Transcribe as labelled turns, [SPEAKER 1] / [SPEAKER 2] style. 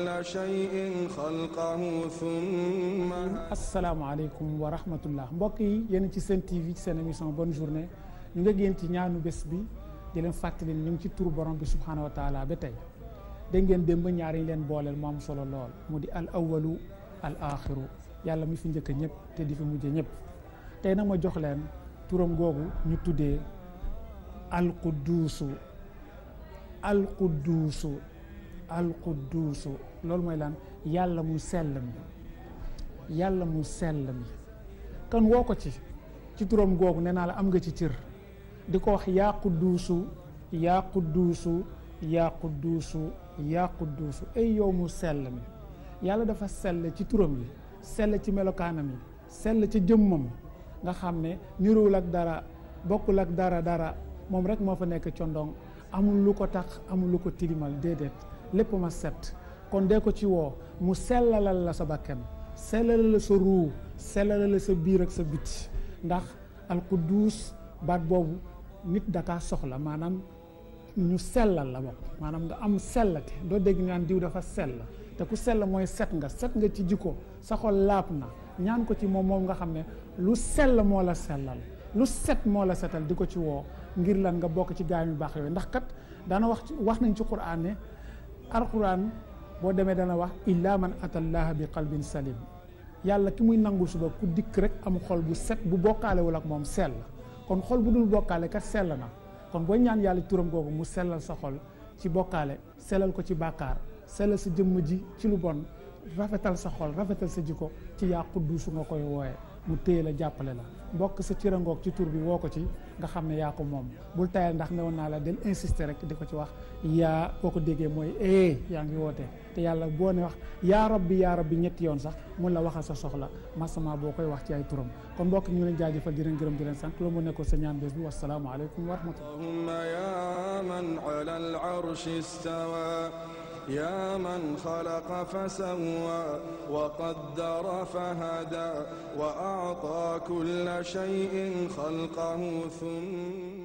[SPEAKER 1] كل شيء خلقه ثم asalaamaaleykum wa rahmatullah mbokk yi yéen ci seen TV ci seen émission bonne journée ñu ngi yéen ci ñaanu bés bi di leen fàttali ñu ngi ci tur borom bi subhaanahu wa taala ba tey dégg ngeen démb ñaar yi leen booleel mu am solo lool mu di al awalu al axiru yàlla mi fi njëkk ñëpp te di fi mujj ñëpp tey nag ma jox leen turam googu ñu tuddee al qudduusu al qudduusu alquduusu loolu mooy lan yàlla mu sell mi yàlla mu sell mi kon woo ko ci ci turam googu ne naa la am nga ci cër di ko wax yaa qudduusu yaa qudduusu yaa qudduusu yaa qudduusu ay yow mu sell mi yàlla dafa sell ci turam yi sell ci melokaanam yi sell ci jëmmam nga xam ne niruwul ak dara bokkul ak dara dara moom rek moo fa nekk condong amul lu ko tax amul lu ko tilimal déedéet lépp ma set kon dee ko ci woo mu sellalal la sa bakkan sellalal la sa ruu sellalal la sa biir ak sa biti ndax alquddus baat boobu nit dakaa soxla maanaam ñu sellal la bokk maanaam nga am sellate doo dégg ñaan diw dafa sell te ku sell mooy set nga set nga ci jikko sa xol laab na ñaan ko ci moom moom nga xam ne lu sell moo la sellal lu set moo la setal di ko ci woo ngir lan nga bokk ci gaay yu baax yooyu ndax kat daana wax wax nañ ci quraan ne alquran boo demee dana wax illa man atallaha bi qalbin salim yàlla ki muy nangu suba ku dikk rek am xol bu set bu bokkaalewul ak moom sell kon xol bu dul bokkaale kat sell na kon booy ñaan yàlla turam googu mu sellal sa xol ci bokkaale sellal ko ci bàkkaar sellal sa jëmm ji ci lu bon rafetal sa xol rafetal sa jikko ci yaa qudduusu nga koy wooye mu téye la jàppale la mbokk sa cirangoog ci tur bi woo ko ci nga xam ne yaa ko moom bul tayal ndax newoon naa la del insister rek di ko ci wax yaa boo ko déggee mooy ee eh, yaa ngi wootee te yàlla boo ne wax yaa rabbi yaa rabbi ñetti yoon sax mun la waxal sa soxla masama boo koy wax ci ay turam kon mbokk ñu leen jaajëfal di leen gërëm di leen sant loolu moo nekkoon sa ñaan bés bi wasalaamu aleykum wa rahmatullah
[SPEAKER 2] ya man ala al arsh يا من خلق فسوى وقدر فهدى وأعطى كل شيء خلقه ثم